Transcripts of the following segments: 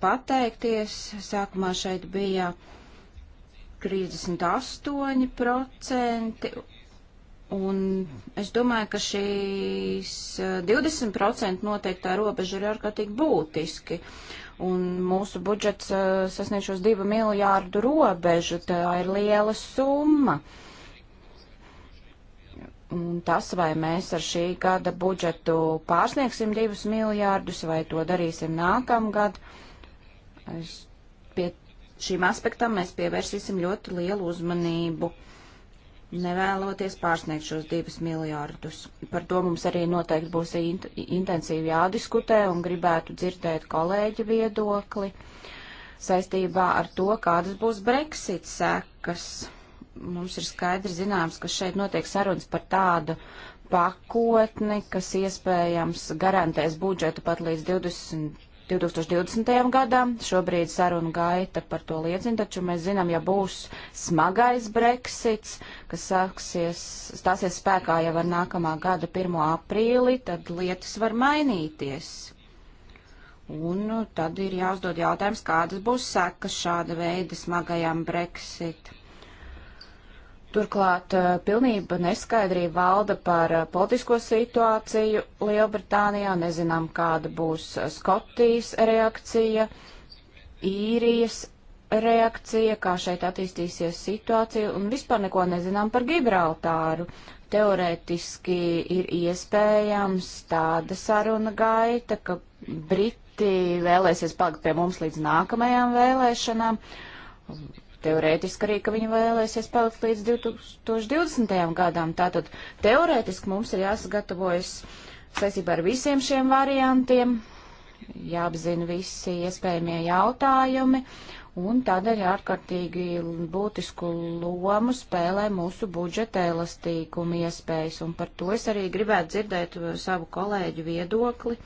pateikties. Sākumā šeit bija 38%, un es domāju, ka šīs 20% noteiktā robeža ir ārkārtīgi būtiski. Un mūsu budžets sasniegšos 2 miljārdu robežu, tā ir liela summa. Uh, Un tas, vai mēs ar šī gada budžetu pārsniegsim divus miljārdus, vai to darīsim nākamgad, es pie šīm aspektam mēs pievērsīsim ļoti lielu uzmanību, nevēloties pārsniegt šos divus miljārdus. Par to mums arī noteikti būs int intensīvi jādiskutē un gribētu dzirdēt kolēģi viedokli saistībā ar to, kādas būs Brexit sekas mums ir skaidri zināms, ka šeit notiek sarunas par tādu pakotni, kas iespējams garantēs budžetu pat līdz 20. 2020. gadam. Šobrīd saruna gaita par to liecina, taču mēs zinām, ja būs smagais Brexits, kas sāksies, stāsies spēkā jau ar nākamā gada 1. aprīli, tad lietas var mainīties. Un nu, tad ir jāuzdod jautājums, kādas būs sekas šāda veida smagajam Brexit. Turklāt eh, pilnība neskaidrība valda par eh, politisko situāciju Lielbritānijā. Nezinām, kāda būs eh, Skotijas reakcija, īrijas reakcija, kā šeit attīstīsies situācija, un vispār neko nezinām par Gibraltāru. Teorētiski ir iespējams tāda saruna gaita, ka Briti vēlēsies palikt pie mums līdz nākamajām vēlēšanām Teorētiski arī, ka viņi vēlēsies palikt līdz 2020. gadam. Tātad teorētiski mums ir jāsagatavojas saistībā ar visiem šiem variantiem, jāapzina visi iespējamie jautājumi, un tādēļ ārkārtīgi būtisku lomu spēlē mūsu budžeta elastīguma iespējas, un par to es arī gribētu dzirdēt savu kolēģu viedokli,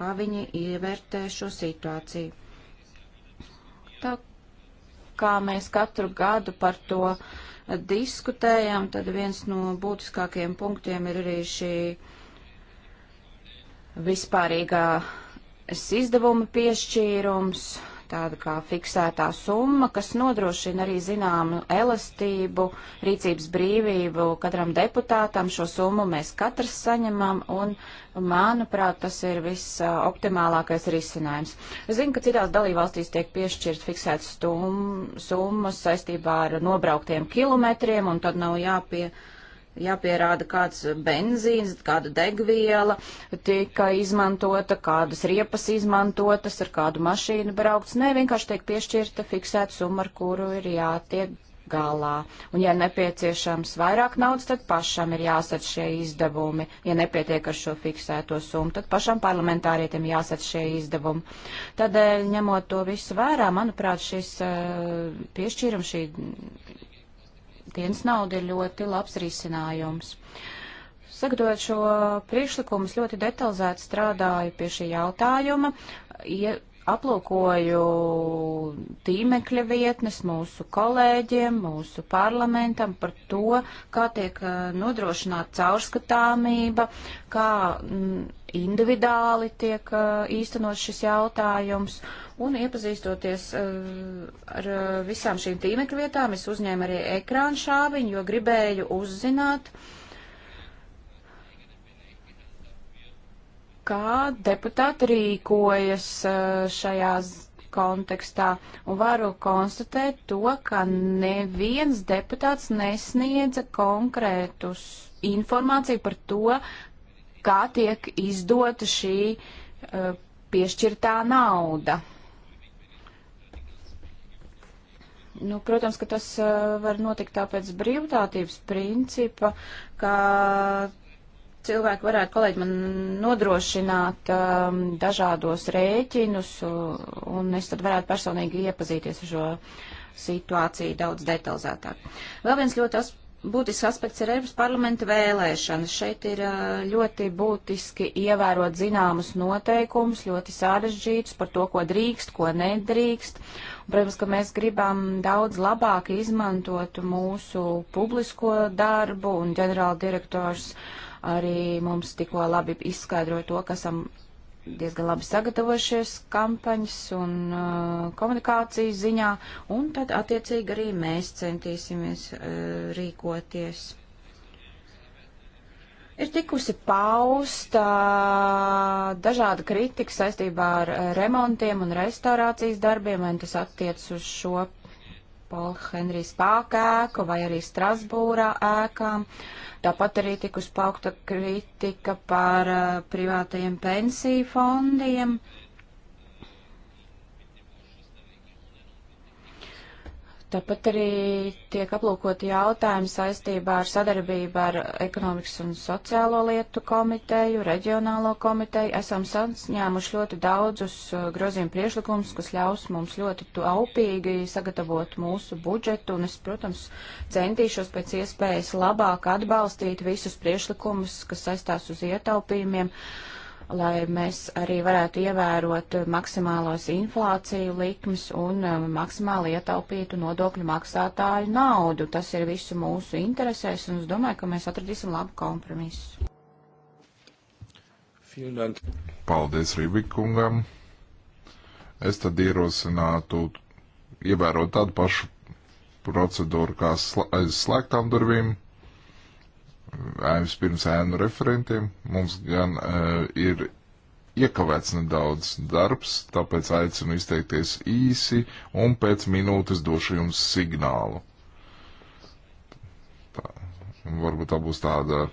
kā viņi ievērtē šo situāciju. Tā kā mēs katru gadu par to diskutējam, tad viens no būtiskākajiem punktiem ir arī šī vispārīgā izdevuma piešķīrums tāda kā fiksētā summa, kas nodrošina arī zināmu elastību, rīcības brīvību katram deputātam. Šo summu mēs katrs saņemam, un, manuprāt, tas ir visoptimālākais risinājums. Es zinu, ka citās dalībvalstīs tiek piešķirt fiksētas summas saistībā ar nobrauktiem kilometriem, un tad nav jāpie. Uh, jāpierāda kāds benzīns, kāda degviela tika izmantota, kādas riepas izmantotas, ar kādu mašīnu braukts. Nē, vienkārši tiek piešķirta fiksēta summa, ar kuru ir jātiek galā. Un, ja nepieciešams vairāk naudas, tad pašam ir jāsadz šie izdevumi. Ja nepietiek ar šo fiksēto summu, tad pašam parlamentārietim jāsadz šie izdevumi. Tādēļ, ņemot to visu vērā, manuprāt, šis uh, piešķīrums, šī dienas nauda ir ļoti labs risinājums. Sagatavot šo priekšlikumu, es ļoti detalizēti strādāju pie šī jautājuma, ie, aplūkoju tīmekļa vietnes mūsu kolēģiem, mūsu parlamentam par to, kā tiek eh, nodrošināta caurskatāmība, kā mm, individuāli tiek eh, īstenot šis jautājums. Un iepazīstoties eh, ar visām šīm tīmekļa vietām, es uzņēmu arī ekrānu šāviņu, jo gribēju uzzināt, uh, kā deputāti rīkojas eh, šajā kontekstā, un varu konstatēt to, ka neviens deputāts nesniedza konkrētus informāciju par to, kā tiek izdota šī uh, piešķirtā nauda. Nu, protams, ka tas uh, var notikt tāpēc brīvprātības principa, ka cilvēki varētu, kolēģi, man nodrošināt um, dažādos rēķinus, un es tad varētu personīgi iepazīties ar šo situāciju daudz detalizētāk. Vēl viens ļoti as būtisks aspekts ir Eiropas parlamenta vēlēšanas. Šeit ir uh, ļoti būtiski ievērot zināmus noteikumus, ļoti sarežģītus par to, ko drīkst, ko nedrīkst. Un, protams, ka mēs gribam daudz labāk izmantot mūsu publisko darbu un ģenerāla direktors uh, arī mums tikko labi izskaidroja to, ka esam diezgan labi sagatavojušies kampaņas un uh, komunikācijas ziņā, un tad attiecīgi arī mēs centīsimies uh, rīkoties. Ir tikusi pausta dažāda kritika saistībā ar uh, remontiem un restaurācijas darbiem, vai nu tas attiec uz šo Paul Henrijs Pāka ēku vai arī Strasbūrā ēkām. Uh, Tāpat arī tikus paukta kritika par eh, privātajiem pensiju fondiem Tāpat arī tiek aplūkoti jautājumi saistībā ar sadarbību ar ekonomikas un sociālo lietu komiteju, reģionālo komiteju. Esam saņēmuši ļoti daudzus uh, grozījumu priešlikumus, kas ļaus mums ļoti taupīgi sagatavot mūsu budžetu, un es, protams, centīšos pēc iespējas labāk atbalstīt visus priešlikumus, kas saistās uz ietaupījumiem. Uh, lai mēs arī varētu ievērot maksimālos inflāciju likmes un um, maksimāli ietaupītu nodokļu maksātāju naudu. Tas ir visu mūsu interesēs, un es domāju, ka mēs atradīsim labu kompromisu. Paldies Rībikungam. Es tad ierosinātu ievērot tādu pašu procedūru kā aiz slēgtām durvīm vispirms ēnu referentiem. Mums gan uh, ir iekavēts nedaudz darbs, tāpēc aicinu izteikties īsi un pēc minūtes došu jums signālu. Tā, varbūt tā būs tāda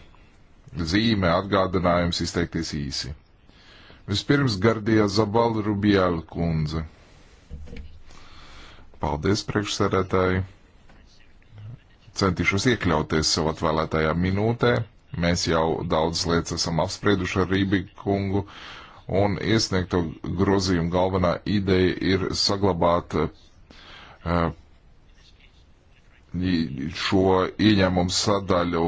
zīme, atgādinājums izteikties īsi. Vispirms gardījā Zabala Rubijāla kundze. Paldies priekšsarētāji! centīšos iekļauties sev atvēlētajā minūtē. Mēs jau daudzas lietas esam apsprieduši ar Rībiku kungu, un iesniegto grozījumu galvenā ideja ir saglabāt uh, šo ieņēmumu sadaļu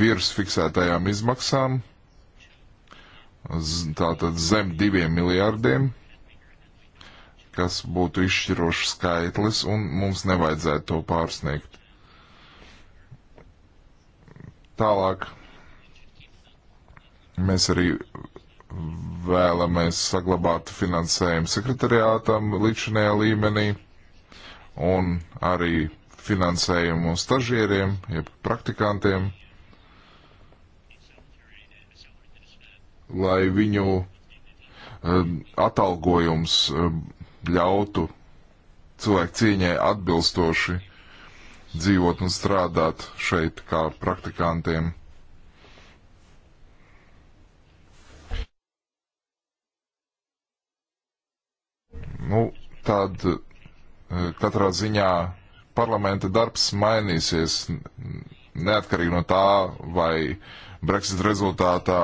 virs fiksētajām izmaksām, tātad zem diviem miljārdiem, kas būtu izšķirošs skaitlis, un mums nevajadzētu to pārsniegt. Tālāk mēs arī vēlamies saglabāt finansējumu sekretariātam līdzinējā līmenī un arī finansējumu stažieriem, jeb praktikantiem, lai viņu eh, atalgojums eh, ļautu cilvēku cieņai atbilstoši dzīvot un strādāt šeit kā praktikantiem. Nu, tad eh, katrā ziņā parlamenta darbs mainīsies neatkarīgi no tā, vai Brexit rezultātā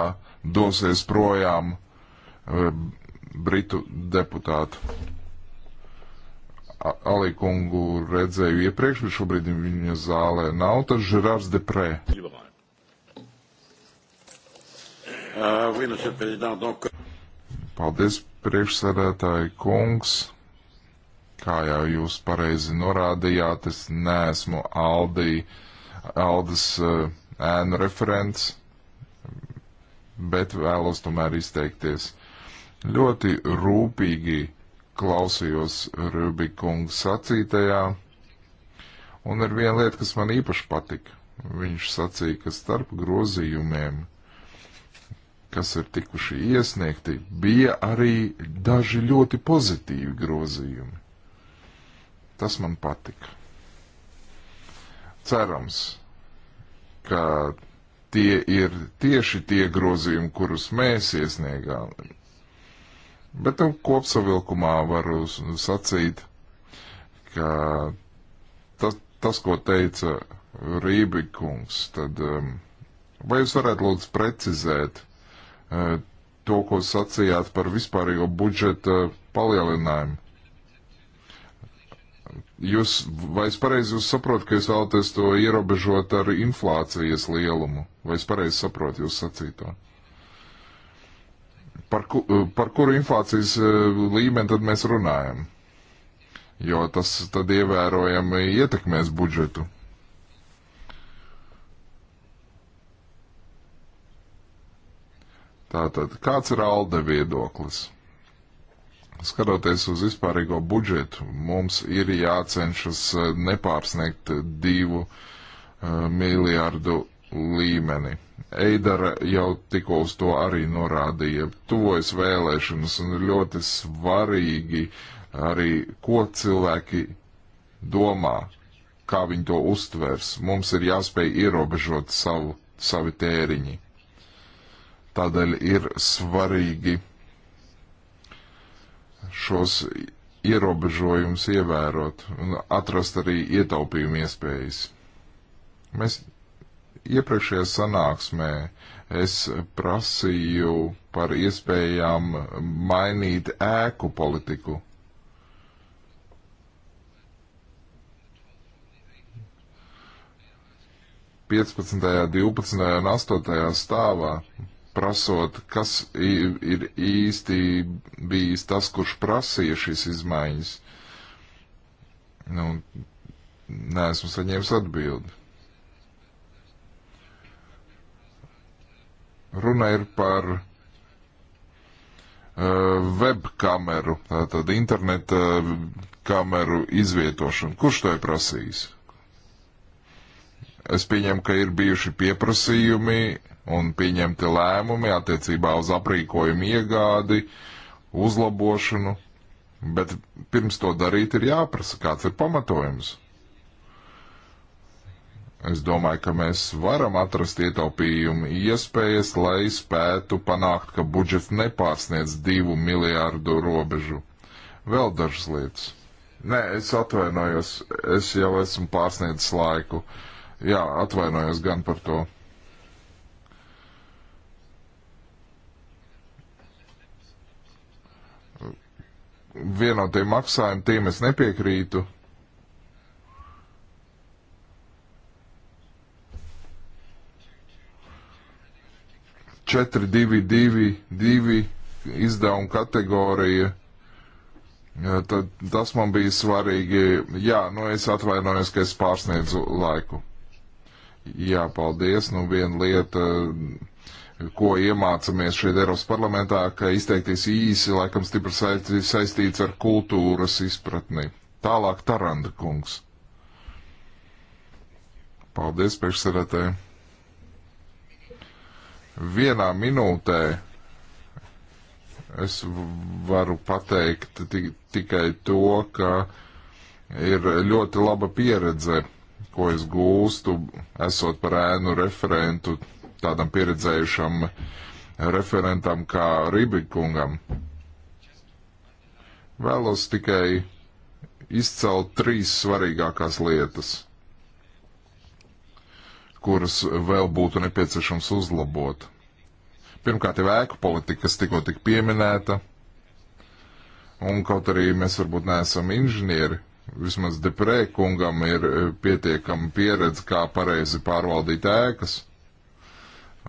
dosies projām eh, Britu deputātu. Alikungu redzēju iepriekš, bet šobrīd viņa zālē nav, tad Žerārs Deprē. Paldies, priekšsēdētāji kungs. Kā jau jūs pareizi norādījāt, es neesmu Aldi, Aldas eh, ēnu referents, bet vēlos tomēr izteikties. Ļoti rūpīgi klausījos Rubikungu sacītajā, un ir viena lieta, kas man īpaši patika. Viņš sacīja, ka starp grozījumiem, kas ir tikuši iesniegti, bija arī daži ļoti pozitīvi grozījumi. Tas man patika. Cerams, ka tie ir tieši tie grozījumi, kurus mēs iesniegām, Bet nu, kopsavilkumā varu sacīt, ka tas, tas ko teica Rībikungs, tad um, vai jūs varētu lūdzu precizēt uh, to, ko sacījāt par vispārējo budžeta palielinājumu? Jūs, vai es pareizi jūs saprotu, ka jūs vēlaties to ierobežot ar inflācijas lielumu? Vai es pareizi saprotu jūs sacīto? par, ku, eh, par kuru inflācijas eh, līmeni tad mēs runājam? Jo tas tad ievērojami ietekmēs budžetu. Tātad, kāds ir ALDE viedoklis? Skatoties uz vispārīgo budžetu, mums ir jācenšas eh, nepārsniegt divu uh, miljārdu līmeni. Eidara jau tikko uz to arī norādīja. Tuvojas vēlēšanas un ir ļoti svarīgi arī, ko cilvēki domā, kā viņi to uztvers. Mums ir jāspēj ierobežot savu, savi tēriņi. Tādēļ ir svarīgi šos ierobežojumus ievērot un atrast arī ietaupījumu iespējas. Mēs Iepriekšējā sanāksmē es prasīju par iespējām mainīt ēku politiku. Piecpadsmitajā, divpadsmitajā un astotajā stāvā prasot, kas ir īsti bijis tas, kurš prasīja šīs izmaiņas. Nu, nē, esmu saņēmis atbildi. Runa ir par uh, web kameru, tātad interneta eh, kameru izvietošanu. Kurš to ir prasījis? Es pieņemu, ka ir bijuši pieprasījumi un pieņemti lēmumi attiecībā uz aprīkojumu iegādi, uzlabošanu, bet pirms to darīt ir jāprasa, kāds ir pamatojums. Es domāju, ka mēs varam atrast ietaupījumu iespējas, lai spētu panākt, ka budžets nepārsniec divu miljārdu robežu. Vēl dažas lietas. Nē, es atvainojos, es jau esmu pārsniedzis laiku. Jā, atvainojos gan par to. Vienotie maksājumi, tiem es nepiekrītu. 422 izdevuma kategorija. Tad tas man bija svarīgi. Jā, nu es atvainojos, ka es pārsniedzu laiku. Jā, paldies. Nu, viena lieta, ko iemācāmies šeit Eiropas parlamentā, ka izteikties īsi, laikam, stipri saistīts ar kultūras izpratni. Tālāk Taranda kungs. Paldies, priekšsēdētāji vienā minūtē es varu pateikt tikai to, ka ir ļoti laba pieredze, ko es gūstu, esot par ēnu referentu tādam pieredzējušam referentam kā Rībikungam. Vēlos tikai izcelt trīs svarīgākās lietas kuras vēl būtu nepieciešams uzlabot. Pirmkārt, ir ēku politika, kas tikko tik pieminēta, un kaut arī mēs varbūt neesam inženieri, vismaz deprē kungam ir e, pietiekama pieredze, kā pareizi pārvaldīt ēkas.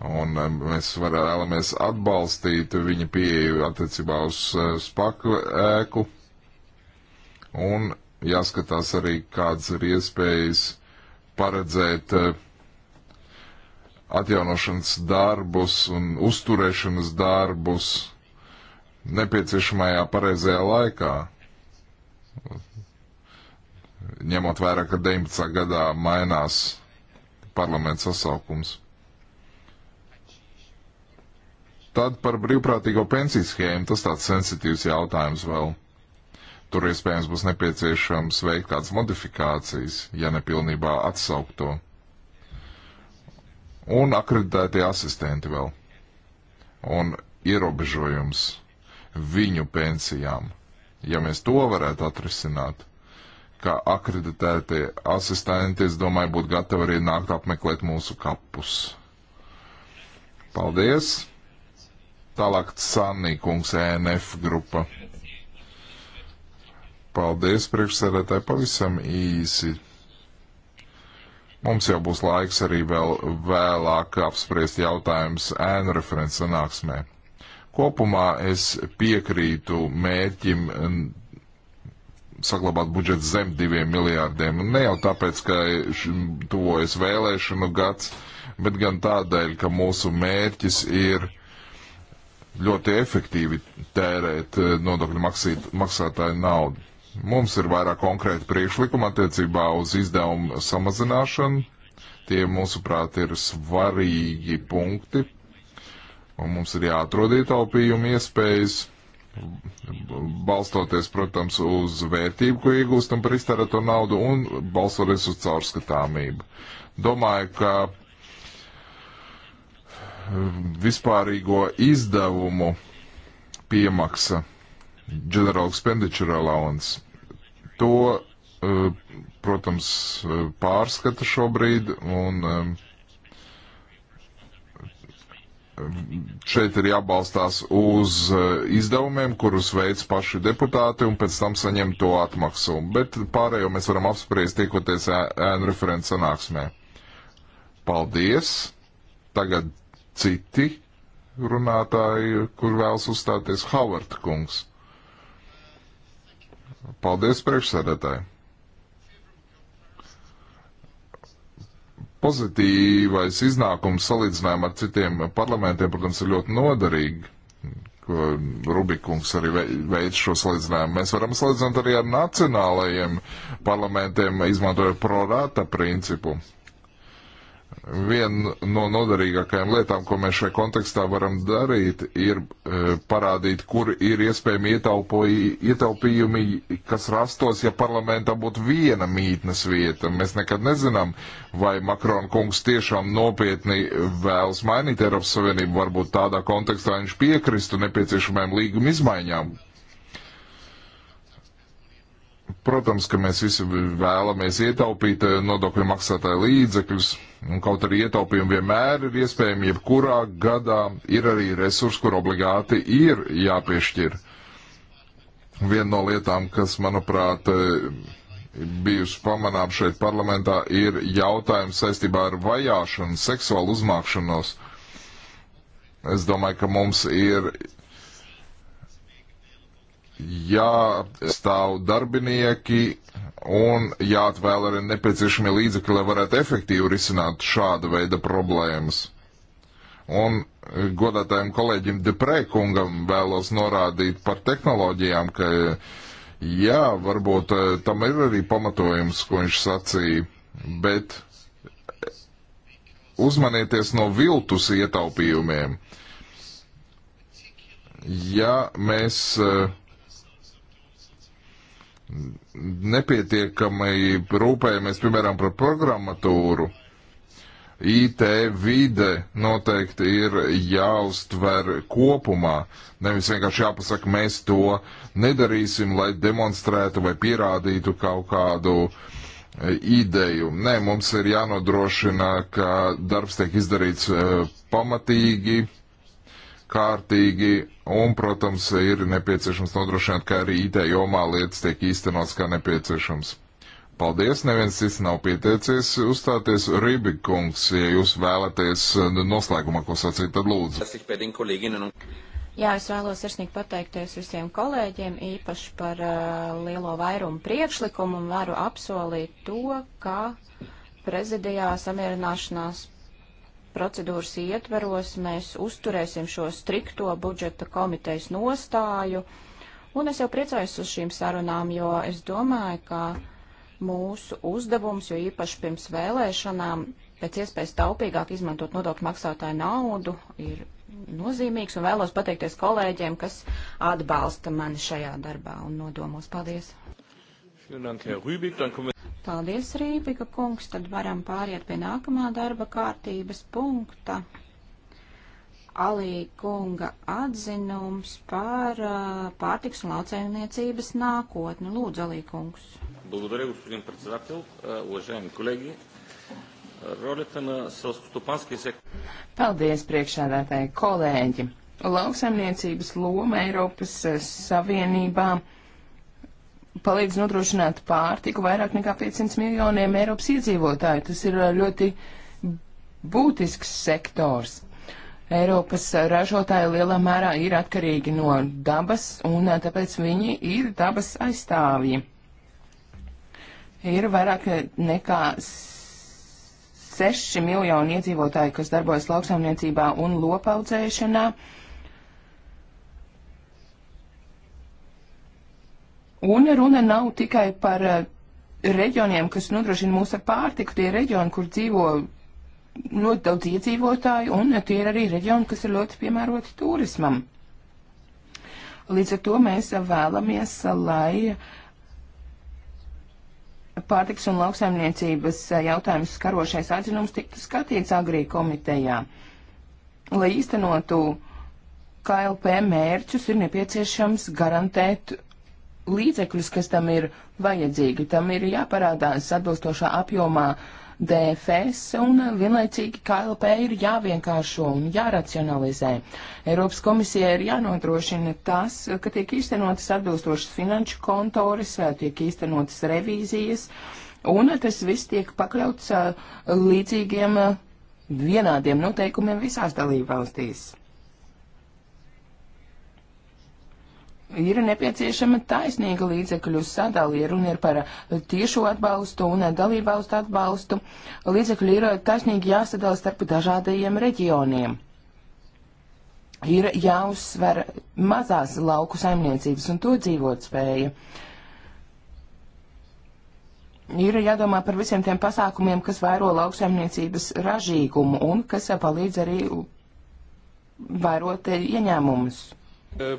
Un e, mēs vēlamies atbalstīt viņa pieeju attiecībā uz e, spaku ēku. Un jāskatās arī, kādas ir iespējas paredzēt uh, atjaunošanas darbus un uzturēšanas darbus nepieciešamajā pareizajā laikā. Ņemot vērā, ka 19. gadā mainās parlaments sasaukums. Tad par brīvprātīgo pensiju schēmu tas tāds sensitīvs jautājums vēl. Tur iespējams būs nepieciešams veikt kādas modifikācijas, ja nepilnībā atsaukt to un akreditētie asistenti vēl. Un ierobežojums viņu pensijām. Ja mēs to varētu atrisināt, kā akreditētie asistenti, es domāju, būtu gatavi arī nākt apmeklēt mūsu kapus. Paldies! Tālāk Sanī kungs ENF grupa. Paldies, priekšsēdētāji, pavisam īsi Mums jau būs laiks arī vēl vēlāk apspriest jautājumus ēnu referents sanāksmē. Kopumā es piekrītu mērķim saglabāt budžetu zem diviem miljārdiem. Ne jau tāpēc, ka tuvojas vēlēšanu gads, bet gan tādēļ, ka mūsu mērķis ir ļoti efektīvi tērēt eh, nodokļu maksātāju naudu. Mums ir vairāk konkrēti priekšlikumi attiecībā uz izdevumu samazināšanu. Tie, mūsuprāt, ir svarīgi punkti. Un mums ir jāatrod ietaupījumu iespējas, balstoties, protams, uz vērtību, ko iegūstam par iztērēto naudu un balstoties uz caurskatāmību. Domāju, ka um, vispārīgo izdevumu piemaksa General Expenditure Allowance. To, eh, protams, eh, pārskata šobrīd un eh, šeit ir jābalstās uz izdevumiem, kurus veids paši deputāti un pēc tam saņem to atmaksu. Bet pārējo mēs varam apspriest tiekoties ēnu referents sanāksmē. Paldies! Tagad citi runātāji, kur vēlas uzstāties Havarta kungs. Paldies priekšsēdētāji! Pozitīvais iznākums salīdzinājumā ar citiem parlamentiem, protams, ir ļoti noderīgi, ko Rubikungs arī veids šo salīdzinājumu. Mēs varam salīdzināt arī ar nacionālajiem parlamentiem, izmantojot prorāta principu. Uh, Viena no noderīgākajām lietām, ko mēs šai kontekstā varam darīt, ir e, parādīt, kur ir iespējami ietaupījumi, kas rastos, ja parlamentā būtu viena mītnes vieta. Mēs nekad nezinām, vai Makrona kungs tiešām nopietni vēlas mainīt Eiropas Savienību, varbūt tādā kontekstā viņš piekristu nepieciešamajām līguma izmaiņām, protams, ka mēs visi vēlamies ietaupīt e, nodokļu maksātāju līdzekļus. Un kaut arī ietaupījumi vienmēr ir iespējami, jebkurā gadā ir arī resursi, kur obligāti ir jāpiešķir. Viena no lietām, kas, manuprāt, e, bijusi pamanām šeit parlamentā, ir jautājums saistībā ar vajāšanu, seksuālu uzmākšanos. Es domāju, ka mums ir jāstāv darbinieki un jāatvēl arī nepieciešamie līdzekļi, lai varētu efektīvi risināt šāda veida problēmas. Un eh, godātājiem kolēģim Deprēkungam vēlos norādīt par tehnoloģijām, ka jā, varbūt eh, tam ir arī pamatojums, ko viņš sacīja, bet uzmanieties no viltus ietaupījumiem. Ja mēs uh, nepietiekamai rūpējamies, piemēram, par programmatūru. IT vide noteikti ir jāuztver kopumā, nevis vienkārši jāpasaka, mēs to nedarīsim, lai demonstrētu vai pierādītu kaut kādu e, ideju. Nē, mums ir jānodrošina, ka darbs tiek izdarīts e, pamatīgi, kārtīgi, un, protams, ir nepieciešams nodrošināt, ka arī IT jomā lietas tiek īstenotas kā nepieciešams. Paldies, neviens cits nav pieteicies uzstāties. Rībikungs, ja jūs vēlaties nu, noslēgumā ko sacīt, tad lūdzu. Jā, es vēlos sirsnīgi pateikties visiem kolēģiem, īpaši par uh, lielo vairumu priekšlikumu un varu apsolīt to, ka prezidijā samierināšanās procedūras ietveros mēs uzturēsim šo strikto budžeta komitejas nostāju. Un es jau priecājos uz šīm sarunām, jo es domāju, ka mūsu uzdevums, jo īpaši pirms vēlēšanām, pēc iespējas taupīgāk izmantot nodokļu maksātāju naudu, ir nozīmīgs un vēlos pateikties kolēģiem, kas atbalsta mani šajā darbā un nodomos. Paldies! Vielen Dank, Herr Rübig. Dann kommen wir Paldies, Rībika kungs. Tad varam pāriet pie nākamā darba kārtības punkta. Alī kunga atzinums par uh, pārtiks un laucēmniecības nākotni. Lūdzu, Alī kungs. Благодаря, господин председател. Э, уважаеми колеги, ролята на селскостопанския сектор. Paldies, priekšādātāji kolēģi. Lauksaimniecības loma Eiropas э, Savienībā. Uh, palīdz nodrošināt pārtiku vairāk nekā 500 miljoniem Eiropas iedzīvotāju. Tas ir ļoti būtisks sektors. Eiropas ražotāji lielā mērā ir atkarīgi no dabas, un tāpēc viņi ir dabas aizstāvji. Ir vairāk nekā 6 miljoni iedzīvotāji, kas darbojas lauksaimniecībā un lopaudzēšanā. Uh, Un runa nav tikai par eh, reģioniem, kas nodrošina mūsu pārtiku, tie reģioni, kur dzīvo ļoti daudz iedzīvotāju, un tie ir arī reģioni, kas ir ļoti piemēroti turismam. Līdz ar to mēs vēlamies, lai pārtiks un lauksaimniecības jautājums skarošais atzinums tiktu skatīts agrī komitejā. Lai īstenotu KLP mērķus, ir nepieciešams garantēt līdzekļus, kas tam ir vajadzīgi. Tam ir jāparādās atbilstošā apjomā DFS un vienlaicīgi KLP ir jāvienkāršo un jāracionalizē. Eiropas komisija ir jānodrošina tas, ka tiek īstenotas atbilstošas finanšu kontoris, tiek īstenotas revīzijas un tas viss tiek pakļauts līdzīgiem vienādiem noteikumiem visās dalībvalstīs. ir nepieciešama taisnīga līdzekļu sadali, ja runa ir par tiešo atbalstu un dalībvalstu atbalstu. Līdzekļi ir taisnīgi jāsadala starp dažādajiem reģioniem. Ir jāuzsver mazās lauku saimniecības un to dzīvot spēja. Ir jādomā par visiem tiem pasākumiem, kas vairo lauksaimniecības ražīgumu un kas palīdz arī vairot ieņēmumus. Uh.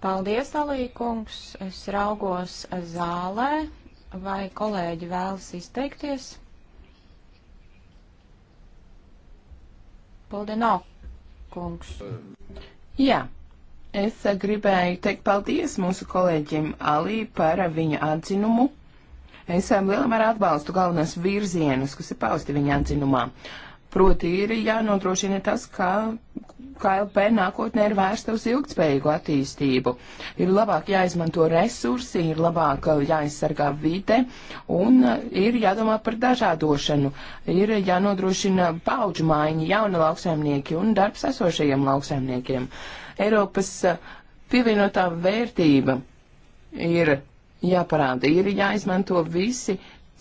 Paldies, Alīkungs. Es raugos zālē. Vai kolēģi vēlas izteikties? Paldienā, kungs. Jā, es gribēju teikt paldies mūsu kolēģim Alī par viņa atzinumu. Es lielā mērā atbalstu galvenos virzienus, kas ir pausti viņa atzinumā. Uh, Proti ir jānodrošina tas, ka KLP nākotnē ir vērsta uz ilgtspējīgu attīstību. Ir labāk jāizmanto resursi, ir labāk uh, jāizsargā vide un uh, ir jādomā par dažādošanu. Ir jānodrošina paudžu maiņa jauni lauksaimnieki un darbs esošajiem lauksaimniekiem. Eiropas uh, pievienotā vērtība ir jāparāda, ir jāizmanto visi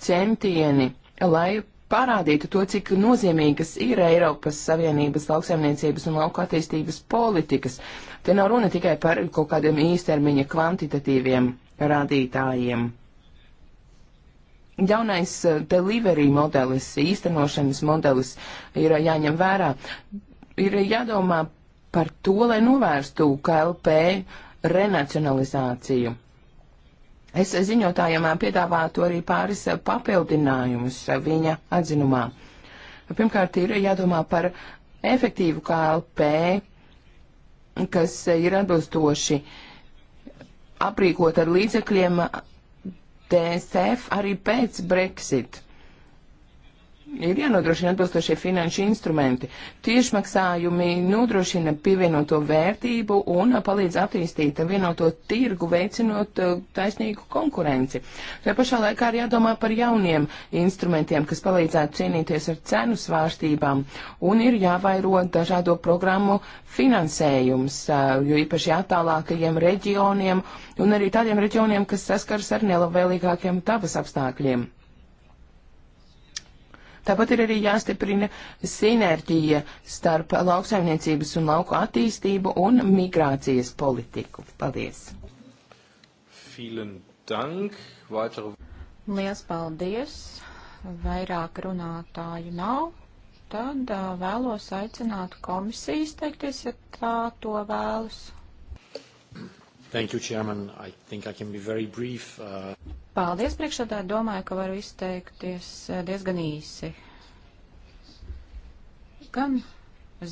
centieni, lai parādītu to, cik nozīmīgas ir Eiropas Savienības lauksaimniecības un lauka attīstības politikas. Te nav runa tikai par kaut kādiem īstermiņa kvantitatīviem rādītājiem. Jaunais eh, delivery modelis, īstenošanas modelis ir jāņem vērā. Ir jādomā par to, lai novērstu KLP renacionalizāciju. Es ziņotājiem piedāvātu arī pāris papildinājumus viņa atzinumā. Pirmkārt, ir jādomā par efektīvu KLP, kas ir atbilstoši aprīkot ar līdzekļiem DSF arī pēc Brexit ir jānodrošina atbilstošie finanšu instrumenti. Tiešmaksājumi nodrošina pievienoto vērtību un palīdz attīstīt vienoto tirgu, veicinot eh, taisnīgu konkurenci. Tajā pašā laikā ir jādomā par jauniem instrumentiem, kas palīdzētu cīnīties ar cenu svārstībām un ir jāvairo dažādo programmu finansējums, eh, jo īpaši attālākajiem reģioniem un arī tādiem reģioniem, kas saskars ar nelabvēlīgākiem dabas apstākļiem. Tāpat ir arī jāstiprina sinerģija starp lauksaimniecības un lauku attīstību un migrācijas politiku. Paldies! Lielas paldies! Vairāk runātāju nav. Tad uh, vēlos aicināt komisiju izteikties, ja tā to vēlas. Thank you, Chairman. I think I can be very brief. Uh... Paldies, priekšsādātāji. Domāju, ka varu izteikties eh, diezgan īsi. Gan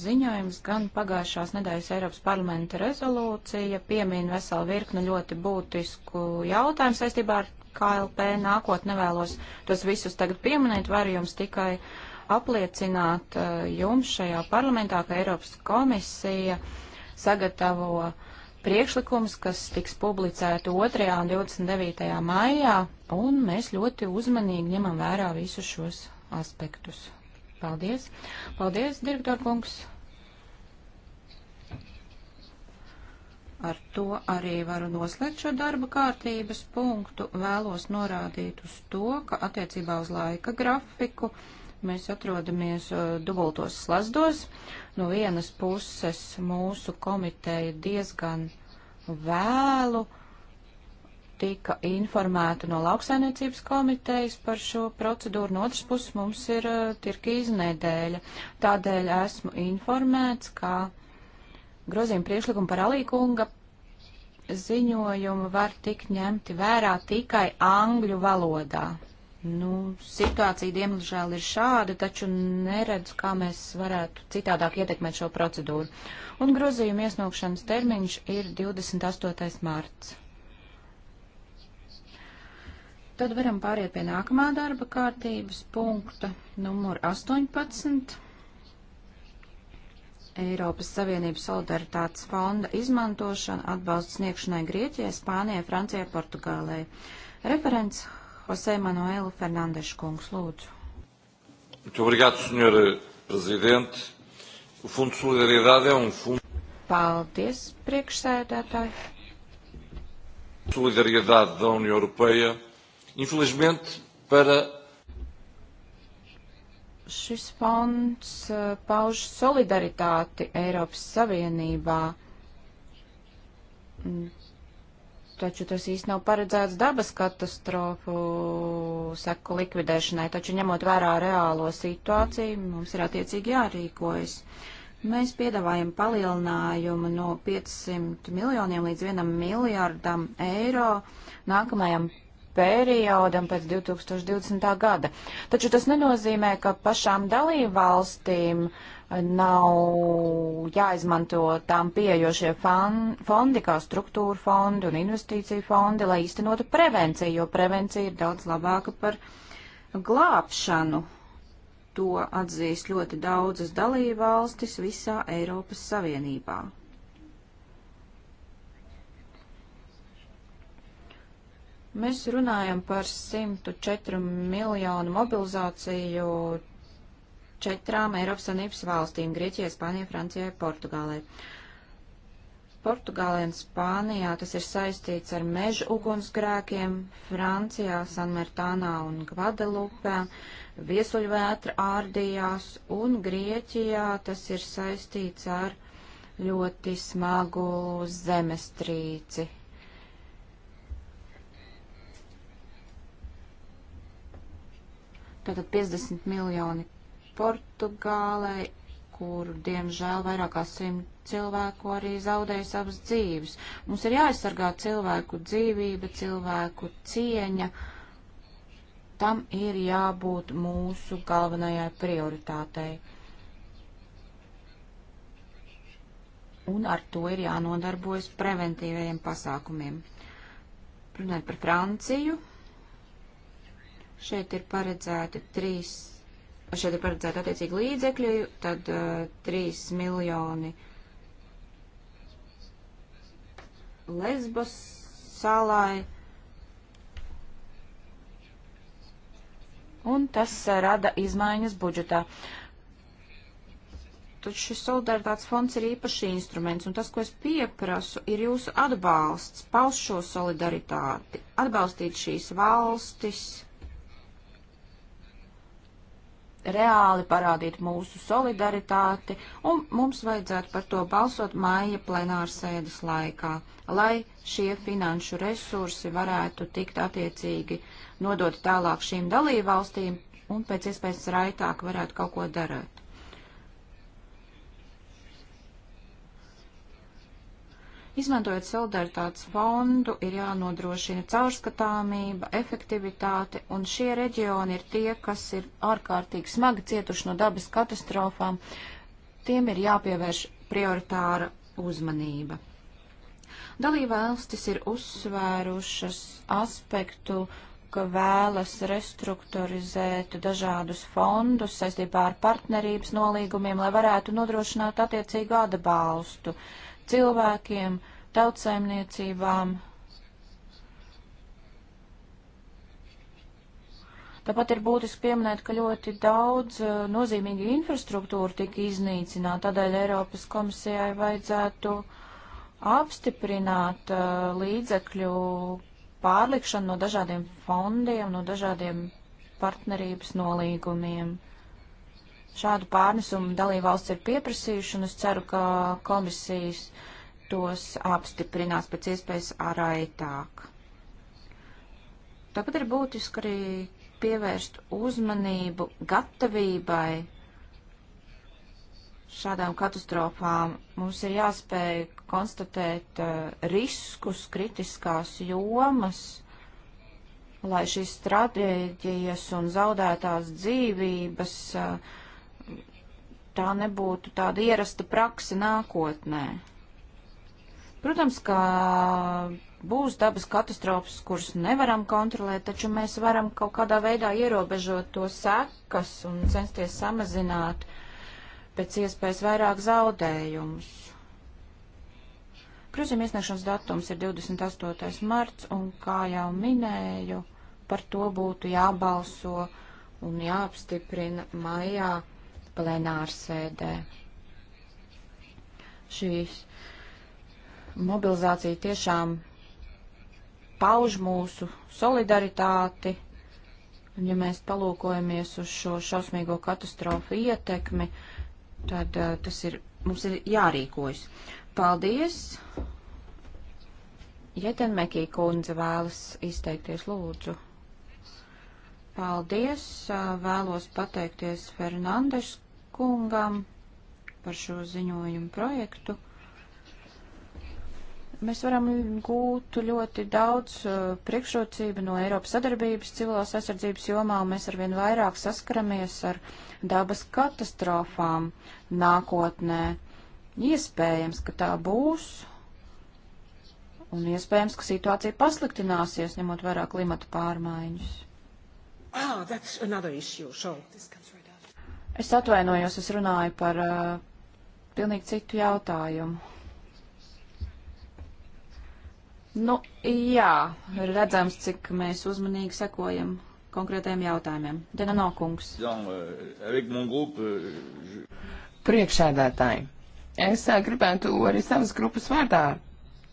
ziņojums, gan pagājušās nedēļas Eiropas parlamenta rezolūcija piemin veselu virkni ļoti būtisku jautājumu saistībā ar KLP nākotnē vēlos tos visus tagad pieminēt, varu jums tikai apliecināt eh, jums šajā parlamentā, ka Eiropas komisija sagatavo uh, priekšlikumus, kas tiks publicēti 2. un 29. maijā, un mēs ļoti uzmanīgi ņemam vērā visus šos aspektus. Paldies! Paldies, direktor kungs! Ar to arī varu noslēgt šo darba kārtības punktu. Vēlos norādīt uz to, ka attiecībā uz laika grafiku Mēs atrodamies dubultos slazdos. No vienas puses mūsu komiteja diezgan vēlu tika informēta no lauksainiecības komitejas par šo procedūru, no otras puses mums ir uh, tirkīs nedēļa. Tādēļ esmu informēts, ka grozījuma priekšlikuma par alīkunga ziņojumu var tikt ņemti vērā tikai angļu valodā. Nu, situācija, diemžēl, ir šāda, taču neredzu, kā mēs varētu citādāk ietekmēt šo procedūru. Un grozījuma iesniegšanas termiņš ir 28. mārts. Tad varam pāriet pie nākamā darba kārtības punkta, numur 18. Eiropas Savienības solidaritātes fonda izmantošana atbalsts sniegšanai Grieķijai, Spānijai, Francijai, Portugālei. Referents Jose Manuelu Fernandešu kungs, lūdzu. Muito obrigado, senhora Presidente. O Fundo de Solidariedade é um fundo. Paldies, priekšsēdētāji. Solidariedade da União Europeia, infelizmente, para. Šis fonds eh, pauž solidaritāti Eiropas Savienībā taču tas īsti nav paredzēts dabas katastrofu seku likvidēšanai, taču ņemot vērā reālo situāciju, mums ir attiecīgi jārīkojas. Mēs piedāvājam palielinājumu no 500 miljoniem līdz 1 miljārdam eiro nākamajam periodam pēc 2020. gada. Taču tas nenozīmē, ka pašām dalībvalstīm uh, nav jāizmanto tām pieejošie fondi, kā struktūra fondi un investīcija fondi, lai īstenotu prevenciju, jo prevencija ir daudz labāka par glābšanu. To atzīst ļoti daudzas dalībvalstis visā Eiropas Savienībā. Mēs runājam par 104 miljonu mobilizāciju četrām Eiropas Savienības valstīm - Grieķijai, Spānijai, Francijai, Portugālei. Portugālē un Spānijā tas ir saistīts ar meža ugunsgrēkiem, Francijā, Sanmertānā un Gvadelupē, viesuļvētra ārdījās, un Grieķijā tas ir saistīts ar ļoti smagu zemestrīci. Tātad 50 miljoni Portugālei, kur, diemžēl, vairākās simt cilvēku arī zaudēja savas dzīves. Mums ir jāaizsargā cilvēku dzīvība, cilvēku cieņa. Tam ir jābūt mūsu galvenajai prioritātei. Un ar to ir jānodarbojas preventīvajiem pasākumiem. Runājot par Franciju, šeit ir paredzēti trīs šeit ir paredzēta attiecīgi līdzekļi, tad uh, 3 miljoni Lesbos salai. Un tas uh, rada izmaiņas budžetā. Taču šis solidaritātes fonds ir īpaši instruments, un tas, ko es pieprasu, ir jūsu atbalsts, paust šo solidaritāti, atbalstīt šīs valstis reāli parādīt mūsu solidaritāti, un mums vajadzētu par to balsot māja plenāra sēdes laikā, lai šie finanšu resursi varētu tikt attiecīgi nodot tālāk šīm dalībvalstīm un pēc iespējas raitāk varētu kaut ko darīt. Izmantojot solidaritātes fondu, ir jānodrošina caurskatāmība, efektivitāte, un šie reģioni ir tie, kas ir ārkārtīgi smagi cietuši no dabas katastrofām. Tiem ir jāpievērš prioritāra uzmanība. Dalībvalstis ir uzsvērušas aspektu, ka vēlas restruktūrizēt dažādus fondus saistībā ar partnerības nolīgumiem, lai varētu nodrošināt attiecīgu atbalstu. Uh, cilvēkiem, tautsaimniecībām. Tāpat ir būtiski pieminēt, ka ļoti daudz uh, nozīmīga infrastruktūra tika iznīcināta, tādēļ Eiropas komisijai vajadzētu apstiprināt uh, līdzekļu pārlikšanu no dažādiem fondiem, no dažādiem partnerības nolīgumiem. Šādu pārnesumu dalībvalsts ir pieprasījuši, un es ceru, ka komisijas tos apstiprinās pēc iespējas araitāk. Tāpat ir būtiski arī pievērst uzmanību gatavībai šādām katastrofām. Mums ir jāspēj konstatēt uh, riskus, kritiskās jomas, lai šīs stratēģijas un zaudētās dzīvības uh, tā nebūtu tāda ierasta praksa nākotnē. Protams, ka būs dabas katastrofas, kuras nevaram kontrolēt, taču mēs varam kaut kādā veidā ierobežot to sekas un censties samazināt pēc iespējas vairāk zaudējumus. Grozījuma iesniegšanas datums ir 28. marts, un, kā jau minēju, par to būtu jābalso un jāapstiprina maijā plenārsēdē. Šīs mobilizācija tiešām pauž mūsu solidaritāti, un ja mēs palūkojamies uz šo šausmīgo katastrofu ietekmi, tad uh, tas ir, mums ir jārīkojas. Paldies! Jetenmekī kundze vēlas izteikties lūdzu. Paldies! Eh, vēlos pateikties Fernandes kungam par šo ziņojumu projektu. Mēs varam gūt ļoti daudz uh, priekšrocību no Eiropas sadarbības civilās aizsardzības jomā, un mēs arvien vairāk saskaramies ar dabas katastrofām nākotnē. Iespējams, ka tā būs, un iespējams, ka situācija pasliktināsies, ņemot vairāk klimata pārmaiņas. Ah, oh, that's another issue. So Es atvainojos, es runāju par uh, pilnīgi citu jautājumu. Nu, jā, redzams, cik mēs uzmanīgi sekojam konkrētajiem jautājumiem. Denano kungs. Euh, euh, Priekšēdētāji, es uh, gribētu arī savas grupas vārdā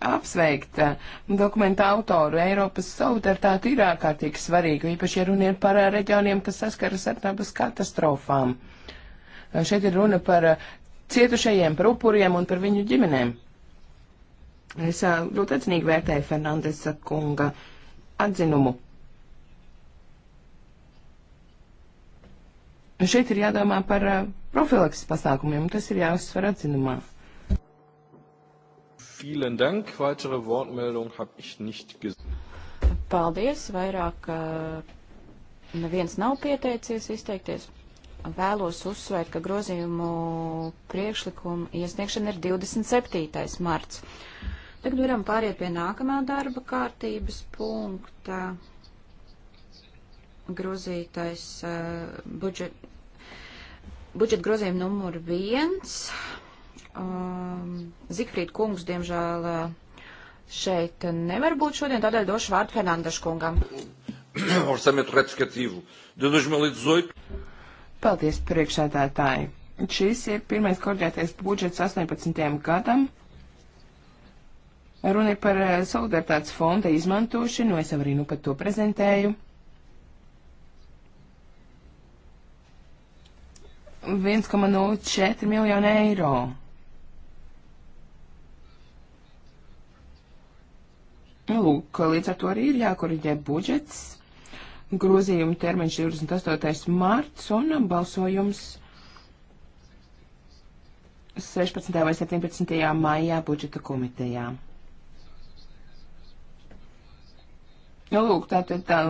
apsveikt uh, dokumentu autoru. Eiropas solidaritāte ir ārkārtīgi svarīga, īpaši, ja runa ir par uh, reģioniem, kas saskaras ar dabas katastrofām. Uh, šeit ir runa par cietušajiem, par upuriem un par viņu ģimenēm. Es ļoti atzinīgi vērtēju Fernandesa kunga atzinumu. Šeit ir jādomā par profilakses pasākumiem, un tas ir jāuzsver atzinumā. Vielen Dank. Weitere Wortmeldungen habe ich nicht gesehen. Paldies. Vairāk eh, neviens nav pieteicies izteikties. Vēlos uzsvērt, ka grozījumu priekšlikumu iesniegšana ir 27. marts. Tagad varam pāriet pie nākamā darba kārtības punkta. Grozītais eh, budžet, budžet grozījuma numur viens. Um, Zikfrīd kungs, diemžēl, uh, šeit nevar būt šodien, tādēļ došu vārdu Fernandes kungam. Orçamentu retificatīvu 2018. Paldies, priekšsēdētāji. Šis ir pirmais koordinētais budžets 18. gadam. Runa ir par eh, solidaritātes fonda izmantošanu, es arī nu pat to prezentēju. - 1,04 miljonu eiro. Lūk, līdz ar to arī ir jākoriģē budžets. Grozījuma termiņš 28. mārts un balsojums 16. vai 17. maijā budžeta komitejā. Lūk, tā tad tā,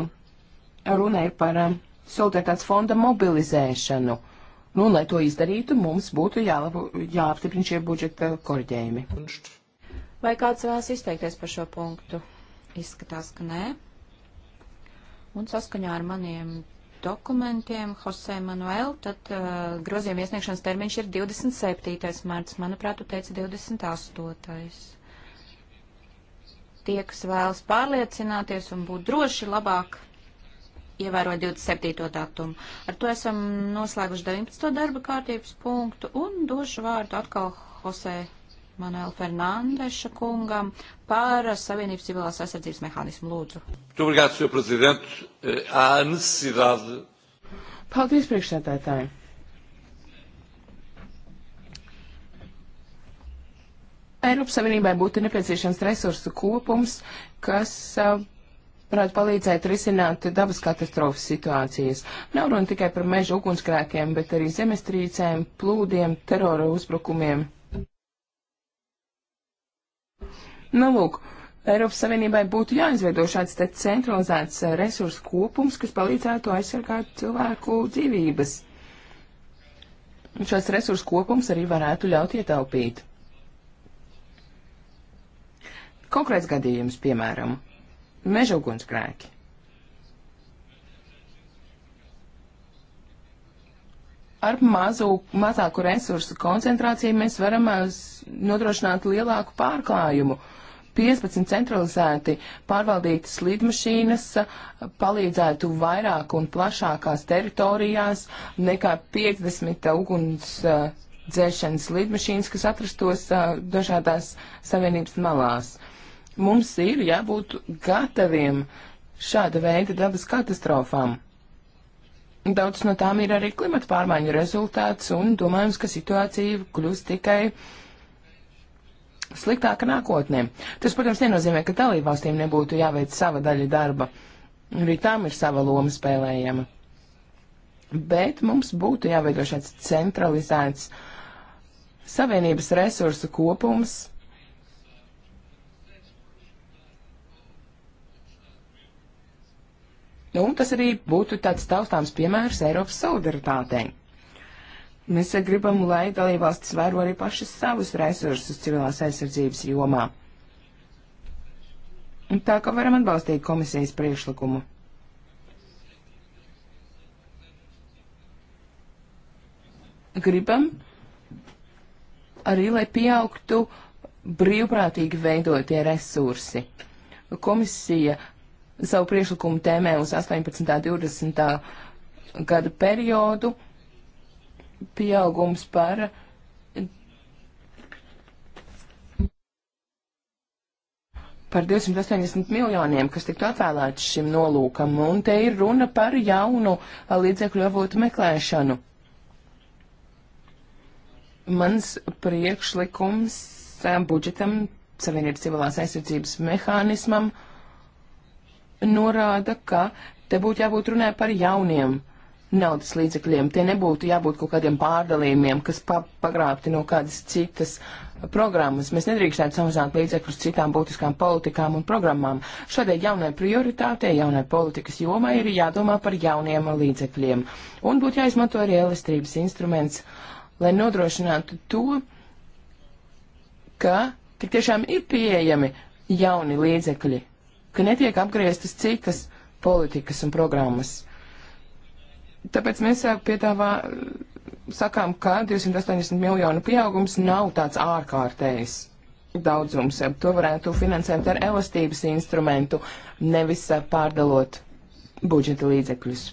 runa ir par um, solidaritātes fonda mobilizēšanu. Nu, un, lai to izdarītu, mums būtu jālabu, jāapstiprina šie budžeta korģējumi. Kunšt. Vai kāds vēlas izteikties par šo punktu? Izskatās, ka nē. Un saskaņā ar maniem dokumentiem, Jose Manuel, tad uh, grozījuma iesniegšanas termiņš ir 27. marts, manuprāt, tu teici 28. Tie, kas vēlas pārliecināties un būt droši, labāk ievērot 27. datumu. Ar to esam noslēguši 19. darba kārtības punktu un došu vārdu atkal Jose Manuel Fernandeša kungam par Savienības civilās aizsardzības mehānismu lūdzu. Obrigado, Sr. Presidente. Eh, há necessidade. Paldies, priekšsēdētāji. Eiropas Savienībai būtu nepieciešams resursu kopums, kas uh, varētu palīdzēt risināt dabas katastrofas situācijas. Nav runa tikai par meža ugunskrēkiem, bet arī zemestrīcēm, plūdiem, terora uzbrukumiem Nu, lūk, Eiropas Savienībai būtu jāizveido šāds te centralizēts eh, resursu kopums, kas palīdzētu aizsargāt cilvēku dzīvības. Un šāds resursu kopums arī varētu ļaut ietaupīt. Konkrēts gadījums, piemēram, meža ugunsgrēki. Ar mazu, mazāku resursu koncentrāciju mēs varam eh, nodrošināt lielāku pārklājumu. Uh, 15 centralizēti pārvaldītas lidmašīnas palīdzētu vairāk un plašākās teritorijās nekā 50 uguns eh, dzēšanas lidmašīnas, kas atrastos eh, dažādās savienības malās. Mums ir jābūt gataviem šāda veida dabas katastrofām. Daudz no tām ir arī klimata pārmaiņu rezultāts, un domājams, ka situācija kļūs tikai uh, sliktāka nākotnē. Tas, protams, nenozīmē, ka dalībvalstīm nebūtu jāveic sava daļa darba. Arī tām ir sava loma spēlējama. Bet mums būtu jāveido šāds centralizēts savienības resursu kopums. Un tas arī būtu tāds taustāms piemērs Eiropas solidaritātei. Mēs gribam, lai dalībvalstis vēro arī pašas savus resursus civilās aizsardzības jomā. Tā ka varam atbalstīt komisijas priekšlikumu. Gribam arī, lai pieaugtu brīvprātīgi veidotie resursi. Komisija savu priekšlikumu tēmē uz 18. un 20. gada periodu pieaugums par par 280 miljoniem, kas tiktu atvēlēts šim nolūkam, un te ir runa par jaunu līdzekļu avotu meklēšanu. Mans priekšlikums budžetam Savienības civilās aizsardzības mehānismam norāda, ka te būtu jābūt runē par jauniem uh, naudas līdzekļiem. Tie nebūtu jābūt kaut kādiem pārdalījumiem, kas pa pagrābti no kādas citas programmas. Mēs nedrīkstētu samazināt līdzekļus citām būtiskām politikām un programmām. Šādai jaunai prioritātei, jaunai politikas jomai ir jādomā par jauniem līdzekļiem. Un būtu jāizmanto arī elektrības instruments, lai nodrošinātu to, ka tik tiešām ir pieejami jauni līdzekļi, ka netiek apgrieztas citas politikas un programmas. Tāpēc mēs piedāvā, sakām, ka 280 miljonu pieaugums nav tāds ārkārtējs daudzums. To varētu finansēt ar elastības instrumentu, nevis pārdalot budžeta līdzekļus.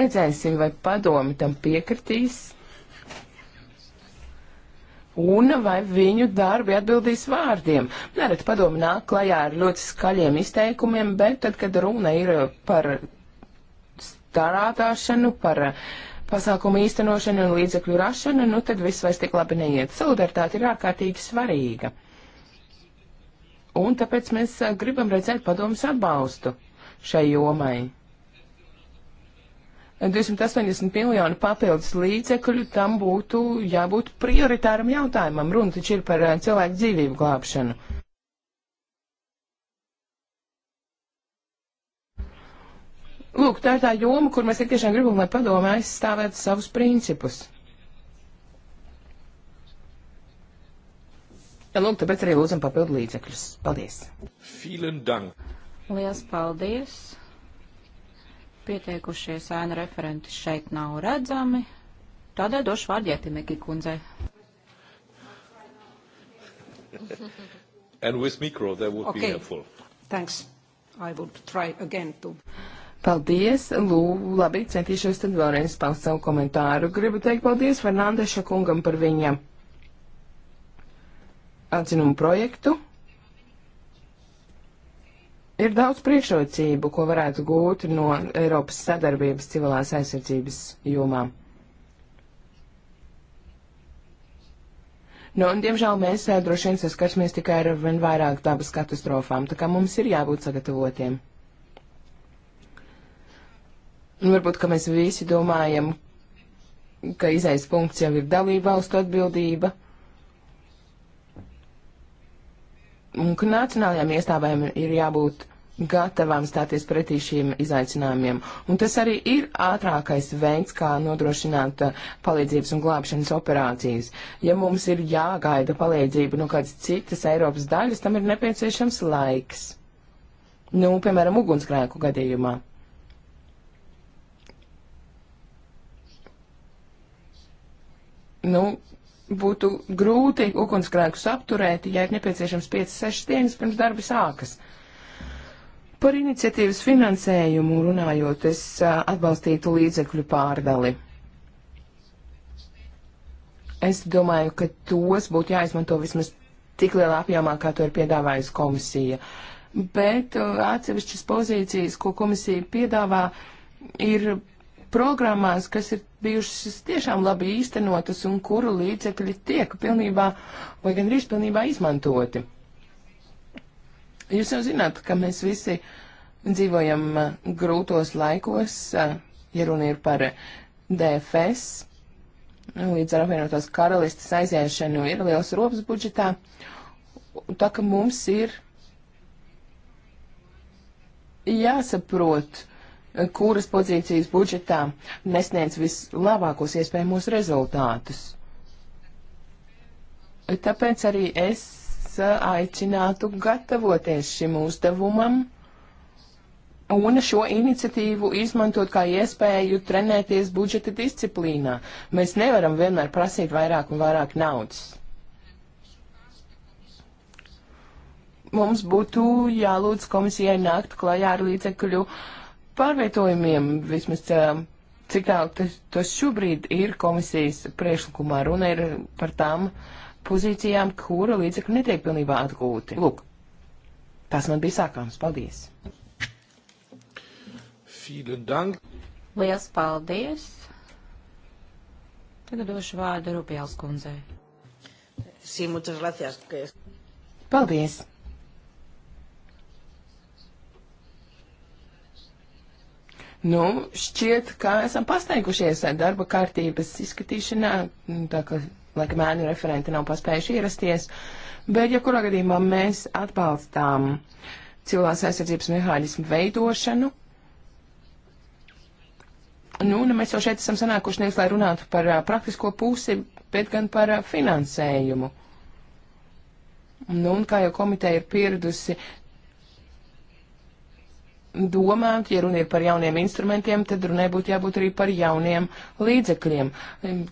Redzēsim, vai padomi tam piekritīs un vai viņu darbi atbildīs vārdiem. Nereti padomu nāk klajā ar ļoti skaļiem izteikumiem, bet tad, kad runa ir par starātāšanu, par pasākumu īstenošanu un līdzekļu rašanu, nu tad viss vairs tik labi neiet. Solidaritāte ir ārkārtīgi svarīga. Un tāpēc mēs eh, gribam redzēt padomus atbalstu šai jomai. 280 miljonu papildus līdzekļu, tam būtu jābūt prioritāram jautājumam. Runa taču ir par eh, cilvēku dzīvību glābšanu. Lūk, tā ir tā joma, kur mēs tiešām gribam, lai padomē aizstāvētu savus principus. Ja, lūk, tāpēc arī lūdzam papildu līdzekļus. Paldies! Vielen dank! Lielas paldies! Pieteikušies ēnu referenti šeit nav redzami. Tādēļ došu vārdu Jetimeki kundzei. And with micro that would okay. be helpful. Thanks. I would try again to. Paldies, Lū, labi, centīšos tad vēlreiz paust savu komentāru. Gribu teikt paldies Fernandeša kungam par viņa atzinumu projektu. Ir daudz priekšrocību, ko varētu gūt no Eiropas sadarbības civilās aizsardzības jomā. Nu, un, diemžēl mēs eh, droši vien saskarsimies tikai ar vien vairāk dabas katastrofām, tā kā mums ir jābūt sagatavotiem. Un nu, varbūt, ka mēs visi domājam, ka izaisa punkts jau ir dalība valstu atbildība. un ka nacionālajām iestādēm ir jābūt gatavām stāties pretī šiem izaicinājumiem. Un tas arī ir ātrākais veids, kā nodrošināt uh, palīdzības un glābšanas operācijas. Ja mums ir jāgaida palīdzība no kādas citas Eiropas daļas, tam ir nepieciešams laiks. Nu, piemēram, ugunsgrēku gadījumā. Nu, būtu grūti ugunsgrēkus apturēt, ja ir nepieciešams 5-6 dienas pirms darbi sākas. Par iniciatīvas finansējumu runājot, es atbalstītu līdzekļu pārdali. Es domāju, ka tos būtu jāizmanto vismaz tik lielā apjomā, kā to ir piedāvājusi komisija. Bet atsevišķas pozīcijas, ko komisija piedāvā, ir programmās, kas ir bijušas tiešām labi īstenotas un kuru līdzekļi tiek pilnībā vai gandrīz pilnībā izmantoti. Jūs jau zināt, ka mēs visi dzīvojam uh, grūtos laikos, uh, ja runa ir par uh, DFS, līdz ar apvienotās karalistas aiziešanu ir liels robas budžetā. Tā ka mums ir jāsaprot, kuras pozīcijas budžetā nesniedz vislabākos iespējamos rezultātus. Tāpēc arī es aicinātu gatavoties šim uzdevumam un šo iniciatīvu izmantot kā iespēju trenēties budžeta disciplīnā. Mēs nevaram vienmēr prasīt vairāk un vairāk naudas. Mums būtu jālūdz komisijai nākt klajā ar līdzekļu uh, pārvietojumiem, vismaz cik tālu tas, tas šobrīd ir komisijas priešlikumā, runa ir par tām pozīcijām, kura līdzekļi netiek pilnībā atgūti. Lūk, tas man bija sākāms. Paldies! Liels paldies! Tagad došu vārdu Rupjāls kundzei. Paldies! Nu, šķiet, ka esam pasteigušies darba kārtības izskatīšanā, nu, tā ka, laikam, ēnu referenti nav paspējuši ierasties, bet, ja kurā gadījumā mēs atbalstām cilvēks aizsardzības mehānismu veidošanu, nu, un nu, mēs jau šeit esam sanākuši nevis, lai runātu par uh, praktisko pusi, bet gan par uh, finansējumu. Nu, un kā jau komiteja ir pieradusi, domāt, ja runa ir par jauniem instrumentiem, tad runai būtu jābūt arī par jauniem līdzekļiem.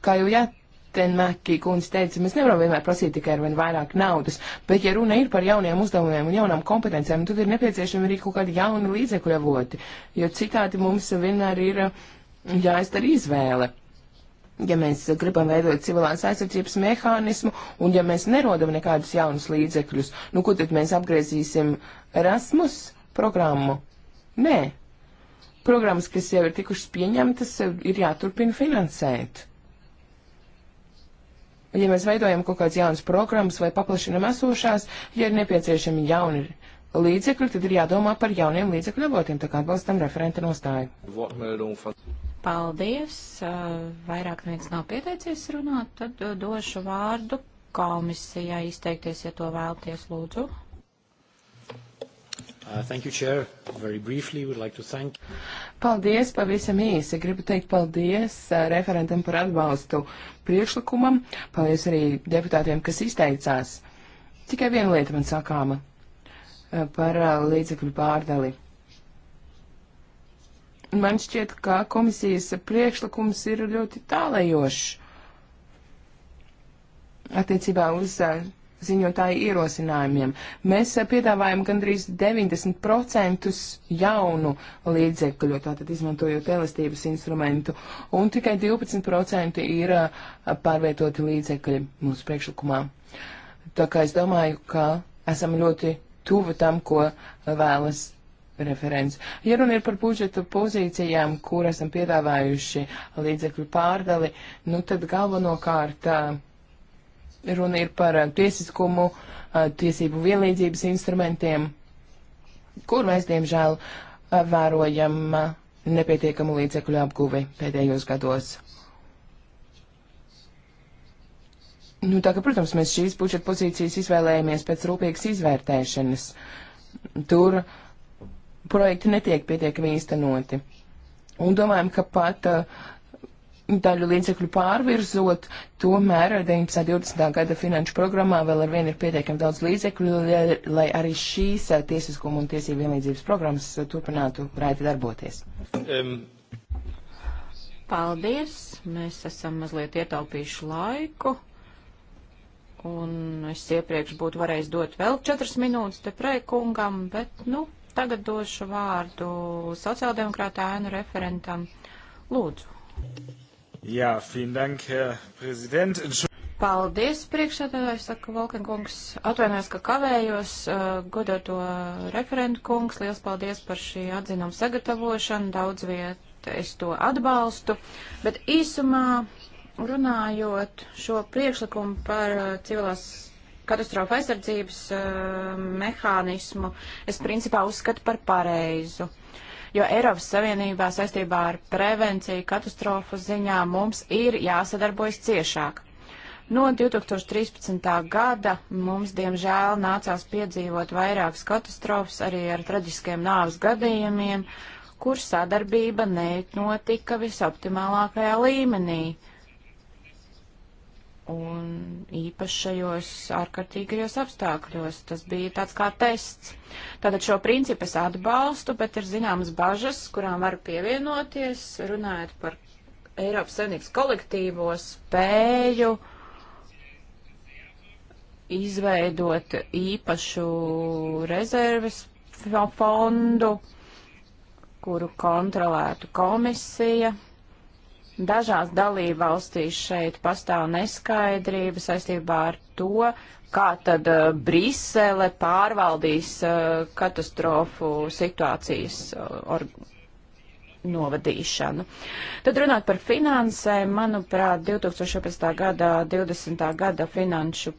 Kā jau jā, Ten Makī kundze teica, mēs nevaram vienmēr prasīt tikai ar vien vairāk naudas, bet ja runa ir par jauniem uzdevumiem un jaunām kompetencijām, tad ir nepieciešami arī kaut kādi jauni līdzekļu avoti, jo citādi mums vienmēr ir eh, jāizdara izvēle. Ja mēs gribam veidot civilās aizsardzības mehānismu, un ja mēs nerodam nekādus jaunus līdzekļus, nu ko tad mēs apgriezīsim Erasmus programmu? Nē. Programmas, kas jau ir tikušas pieņemtas, ir jāturpina finansēt. Ja mēs veidojam kaut kādas jaunas programmas vai paplašinam esošās, ja ir nepieciešami jauni līdzekļi, tad ir jādomā par jauniem līdzekļu avotiem, tā kā atbalstam referenta nostāju. Paldies. Vairāk neviens nav pieteicies runāt, tad došu vārdu komisijai izteikties, ja to vēlties, lūdzu. Uh, thank you, Chair. Very briefly, would like to thank. Paldies, pavisam īsi. Gribu teikt paldies uh, referentam par atbalstu priekšlikumam. Paldies arī deputātiem, kas izteicās. Tikai viena lieta man sakāma uh, par uh, līdzekļu pārdali. Man šķiet, ka komisijas priekšlikums ir ļoti tālējošs attiecībā uz uh, ziņotāju ierosinājumiem. Mēs eh, piedāvājam gandrīz 90% jaunu līdzekļu, tātad izmantojot elastības instrumentu, un tikai 12% ir eh, pārvietoti līdzekļi mūsu priekšlikumā. Tā kā es domāju, ka esam ļoti tuvu tam, ko vēlas referents. Ja runa ir par budžetu pozīcijām, kur esam piedāvājuši līdzekļu pārdali, nu tad galvenokārt. Uh, Runa ir par eh, tiesiskumu, eh, tiesību vienlīdzības instrumentiem, kur mēs, diemžēl, eh, vērojam nepietiekamu līdzekļu apguvi pēdējos gados. Nu, tā ka, protams, mēs šīs budžeta pozīcijas izvēlējāmies pēc rūpīgas izvērtēšanas. Tur projekti netiek pietiekami īstenoti. Un domājam, ka pat uh, daļu līdzekļu pārvirzot, tomēr 19. un 20. gada finanšu programmā vēl ar vienu ir pietiekami daudz līdzekļu, lai arī šīs eh, tiesiskuma un tiesību vienlīdzības programmas eh, turpinātu raiti darboties. Um. Paldies! Mēs esam mazliet ietaupījuši laiku. Un es iepriekš būtu varējis dot vēl četras minūtes te prēkungam, bet, nu, tagad došu vārdu sociāldemokrātā ēnu referentam. Lūdzu. Jā, vielen dank, prezident. Paldies, priekšsēdētājs, saka Volkenkungs. Atvainojos, ka kavējos. Godoto referentu kungs, liels paldies par šī atzinuma sagatavošanu. Daudz viet es to atbalstu. Bet īsumā runājot šo priekšlikumu par civilās katastrofa aizsardzības uh, mehānismu, es principā uzskatu par pareizu. Uh, jo Eiropas Savienībā saistībā ar prevenciju katastrofu ziņā mums ir jāsadarbojas ciešāk. No 2013. gada mums, diemžēl, nācās piedzīvot vairākas katastrofas arī ar traģiskiem nāves gadījumiem, kur sadarbība nenotika visoptimālākajā līmenī un īpaši šajos ārkārtīgajos apstākļos. Tas bija tāds kā tests. Tātad šo principu es atbalstu, bet ir zināmas bažas, kurām var pievienoties, runājot par Eiropas Savienības kolektīvo spēju izveidot īpašu rezerves fondu, kuru kontrolētu komisija. Dažās dalībvalstīs šeit pastāv neskaidrība saistībā ar to, kā tad uh, Brisele pārvaldīs uh, katastrofu situācijas uh, novadīšanu. Tad runāt par finansēm, manuprāt, 2014. gada 20. gada finanšu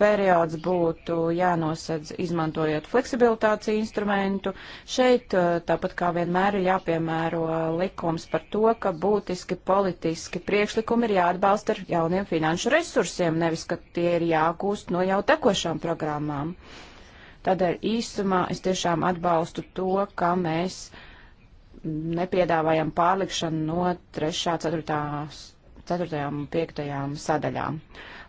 periods būtu jānosedz izmantojot fleksibilitātes instrumentu. Šeit uh, tāpat kā vienmēr ir jāpiemēro likums par to, ka būtiski politiski priekšlikumi ir jāatbalsta ar jauniem finanšu resursiem, nevis ka tie ir jākūst no jau tekošām programmām. Tādēļ īsumā es tiešām atbalstu to, ka mēs nepiedāvājam pārlikšanu no 3., 4., 4. un 5. sadaļām.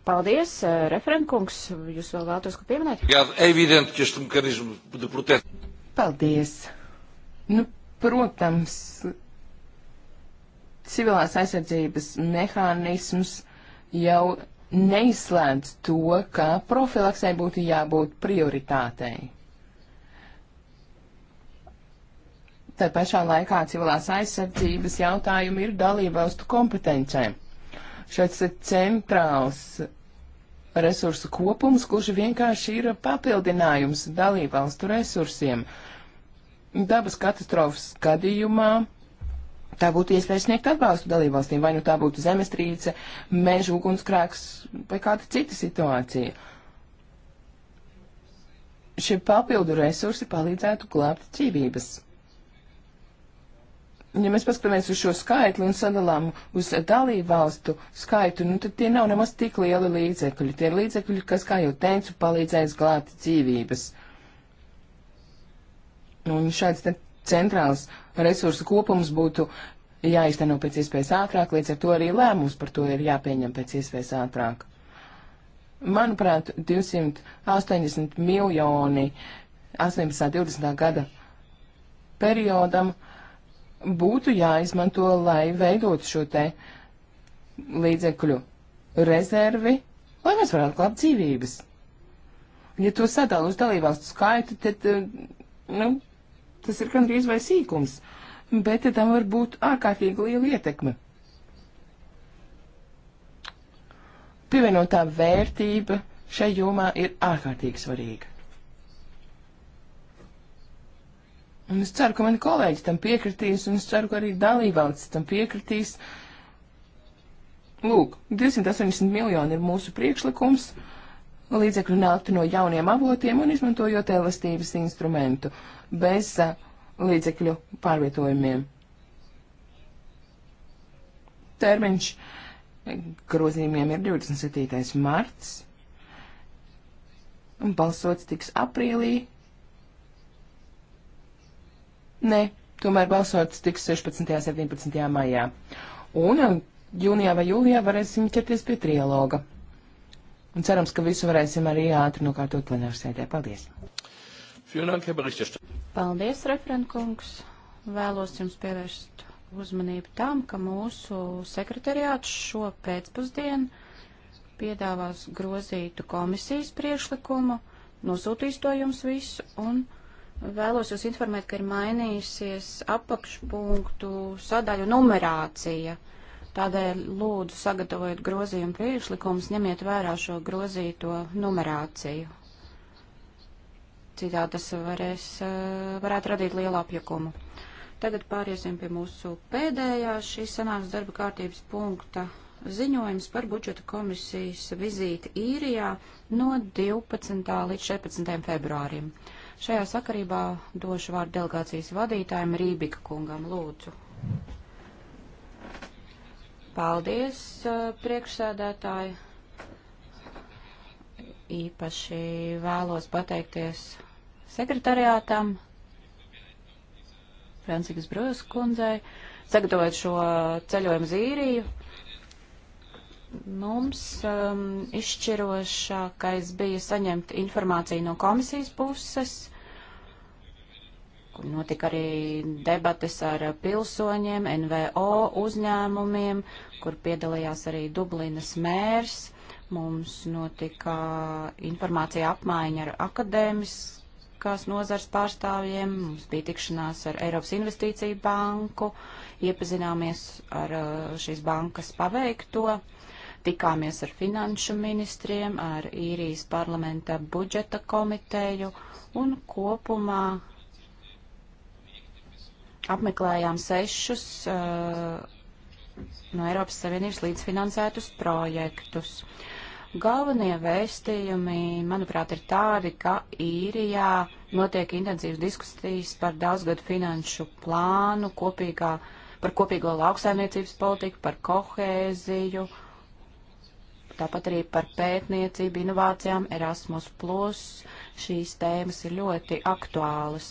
Paldies, eh, referentkungs, jūs vēl vēlatos, ko pieminēt? Jā, evidenti, ka šim mekanismu de protest. Paldies. Nu, protams, civilās aizsardzības mehānisms jau neizslēdz to, ka profilaksē būtu jābūt prioritātei. Tā pašā laikā civilās aizsardzības jautājumi ir dalībvalstu kompetencēm. Šis ir centrāls resursu kopums, kurš vienkārši ir papildinājums dalībvalstu resursiem. Dabas katastrofas gadījumā tā būtu iespēja sniegt atbalstu dalībvalstīm, vai nu tā būtu zemestrīce, meža ugunskrēks vai kāda cita situācija. Šie papildu resursi palīdzētu glābt dzīvības ja mēs paskatāmies uz šo skaitli un sadalām uz dalību valstu skaitu, nu tad tie nav nemaz tik lieli līdzekļi. Tie ir līdzekļi, kas, kā jau teicu, palīdzēs glābt dzīvības. Un šāds centrāls resursu kopums būtu jāizteno pēc iespējas ātrāk, līdz ar to arī lēmums par to ir jāpieņem pēc iespējas ātrāk. Manuprāt, 280 miljoni 18. 20. gada periodam uh, būtu jāizmanto, lai veidotu šo te līdzekļu rezervi, lai mēs varētu klāt dzīvības. Ja to sadala uz dalībvalstu skaitu, tad, eh, nu, tas ir gandrīz vai sīkums, bet tam var būt ārkārtīgi liela ietekme. Pievienotā vērtība šai jomā ir ārkārtīgi svarīga. Un es ceru, ka mani kolēģi tam piekritīs, un es ceru, ka arī dalībvalstis tam piekritīs. Lūk, 280 miljoni ir mūsu priekšlikums, līdzekļu nāktu no jauniem avotiem un izmantojot elastības instrumentu, bez uh, līdzekļu pārvietojumiem. Termiņš grozījumiem ir 27. marts, un balsots tiks aprīlī Nē, tomēr balsots tiks 16. un 17. maijā. Un um, jūnijā vai jūlijā varēsim ķerties pie trialoga. Un cerams, ka visu varēsim arī ātri nokārtot plenārsēdē. Paldies! Paldies, referentkungs! Vēlos jums pievērst uzmanību tam, ka mūsu sekretariāts šo pēcpusdienu piedāvās grozītu komisijas priekšlikumu, nosūtīs to jums visu un Vēlos jūs informēt, ka ir mainījusies apakšpunktu sadaļu numerācija. Tādēļ lūdzu sagatavojot grozījumu priekšlikumus, ņemiet vērā šo grozīto numerāciju. Citādi tas varēs, eh, varētu radīt lielu apjukumu. Tagad pāriesim pie mūsu pēdējā šīs sanāks darba kārtības punkta ziņojums par budžeta komisijas vizīti īrijā no 12. līdz 14. februārim. Šajā sakarībā došu vārdu delegācijas vadītājiem Rībika kungam. Lūdzu. Paldies, uh, priekšsēdētāji. Īpaši vēlos pateikties sekretariātam, Francikas Brūsas kundzei, sagatavojot šo ceļojumu Zīriju. Mums um, izšķirošākais bija saņemt informāciju no komisijas puses, kur notika arī debates ar pilsoņiem, NVO uzņēmumiem, kur piedalījās arī Dublinas mērs. Mums notika informācija apmaiņa ar akadēmiskās nozars pārstāvjiem, mums bija tikšanās ar Eiropas investīciju banku, iepazināmies ar uh, šīs bankas paveikto tikāmies ar finanšu ministriem, ar īrijas parlamenta budžeta komiteju un kopumā apmeklējām sešus uh, no Eiropas Savienības līdzfinansētus projektus. Galvenie vēstījumi, manuprāt, ir tādi, ka īrijā notiek intensīvas diskusijas par daudzgadu finanšu plānu, kopīgā, par kopīgo lauksaimniecības politiku, par kohēziju tāpat arī par pētniecību, inovācijām, Erasmus, plus. šīs tēmas ir ļoti aktuālas.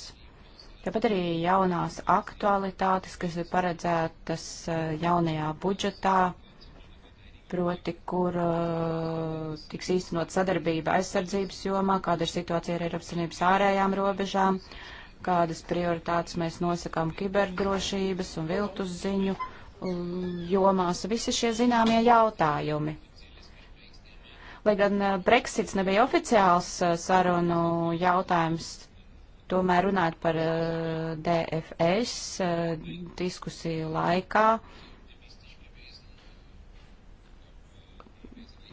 Tāpat arī jaunās aktualitātes, kas ir paredzētas eh, jaunajā budžetā, proti, kur uh, tiks īstenot sadarbība aizsardzības jomā, kāda ir situācija ar Eiropas Savienības ārējām robežām, kādas prioritātes mēs nosakām kiberdrošības un viltus ziņu mm, jomās. Visi šie zināmie jautājumi. Lai gan eh, Brexits nebija oficiāls eh, sarunu jautājums, tomēr runāt par eh, DFS diskusiju laikā.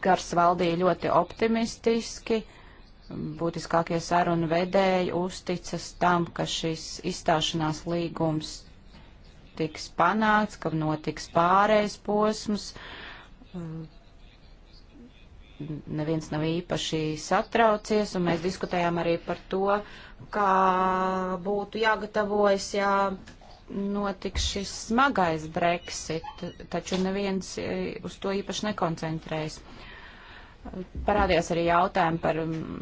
Gars valdīja ļoti optimistiski. Būtiskākie sarunu vedēji uzticas tam, ka šis izstāšanās līgums tiks panākts, ka notiks pārējais posms, neviens nav īpaši satraucies, un mēs diskutējām arī par to, kā būtu jāgatavojas, ja notiks šis smagais Brexit, taču neviens e, uz to īpaši nekoncentrējas. Parādījās arī jautājumi par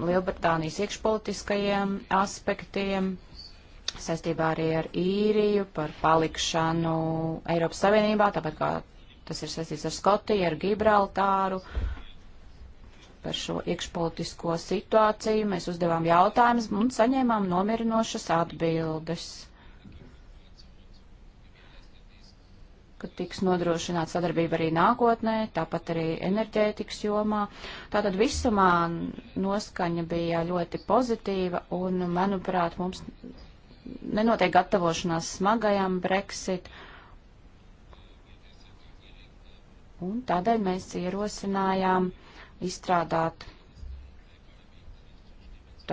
Lielbritānijas iekšpolitiskajiem aspektiem saistībā arī ar īriju, par palikšanu Eiropas Savienībā, tāpat kā tas ir saistīts ar Skotiju, ar Gibraltāru. Uh, par šo iekšpolitisko situāciju. Mēs uzdevām jautājumus un saņēmām nomierinošas atbildes. ka tiks nodrošināta sadarbība arī nākotnē, tāpat arī enerģētikas jomā. Tātad visumā noskaņa bija ļoti pozitīva un, manuprāt, mums nenotiek gatavošanās smagajam Brexit. Un tādēļ mēs ierosinājām izstrādāt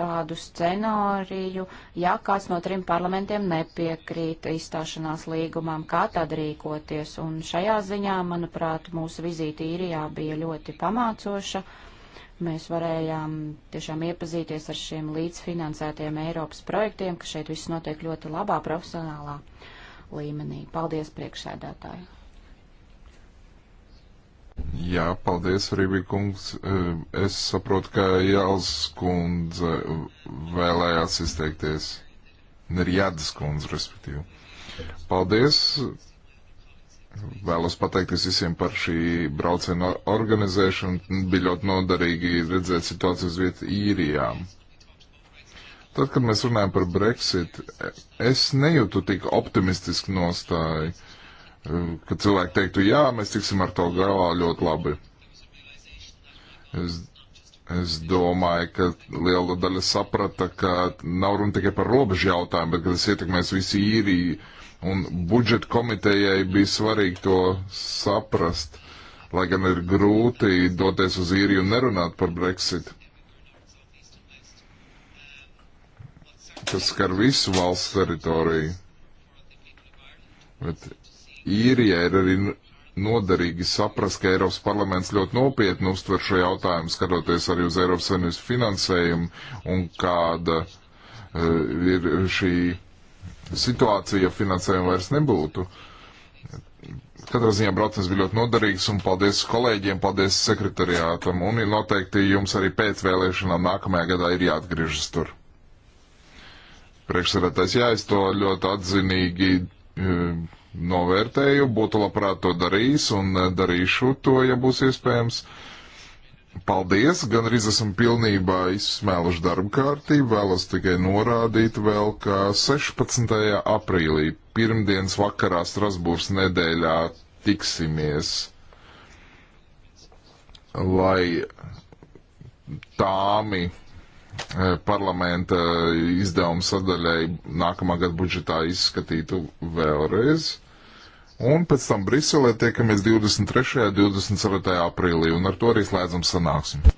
tādu scenāriju, ja kāds no trim parlamentiem nepiekrīt izstāšanās līgumam, kā tad rīkoties. Un šajā ziņā, manuprāt, mūsu vizīte īrijā bija ļoti pamācoša. Mēs varējām tiešām iepazīties ar šiem līdzfinansētiem Eiropas projektiem, ka šeit viss notiek ļoti labā profesionālā līmenī. Paldies priekšsēdētāji! Jā, paldies, Rībī kungs. E, es saprotu, ka Jāls kundze vēlējās izteikties. Nerjādas kundze, respektīvi. Paldies. Vēlos pateikties visiem par šī brauciena organizēšanu. Bija ļoti noderīgi redzēt situāciju uz vietas īrijā. Tad, kad mēs runājam par Brexit, es nejūtu tik optimistisku nostāju. Uh, ka cilvēki teiktu, jā, mēs tiksim ar to galā ļoti labi. Es, es domāju, ka liela daļa saprata, ka nav runa tikai par robežu jautājumu, bet ka tas ietekmēs visu īriju, un budžeta komitejai bija svarīgi to saprast, lai gan ir grūti doties uz īriju un nerunāt par Brexitu. kas skar visu valsts teritoriju. Bet īrijai ir arī noderīgi saprast, ka Eiropas parlaments ļoti nopietni uztver šo jautājumu, skatoties arī uz Eiropas Savienības finansējumu un kāda uh, ir šī situācija, ja finansējuma vairs nebūtu. Katrā ziņā brauciens bija ļoti noderīgs un paldies kolēģiem, paldies sekretariātam un noteikti jums arī pēc vēlēšanām nākamajā gadā ir jāatgriežas tur. Priekšsēdētājs, jā, es to ļoti atzinīgi uh, novērtēju, būtu labprāt to darījis un eh, darīšu to, ja būs iespējams. Paldies, gan arī esam pilnībā izsmēluši darba kārtību, vēlos tikai norādīt vēl, ka 16. aprīlī, pirmdienas vakarā Strasbūrs nedēļā tiksimies, lai tāmi E, parlamenta izdevuma sadaļai nākamā gada budžetā izskatītu vēlreiz. Un pēc tam Briselē tiekamies 23. un 24. aprīlī, un ar to arī slēdzam sanāksim.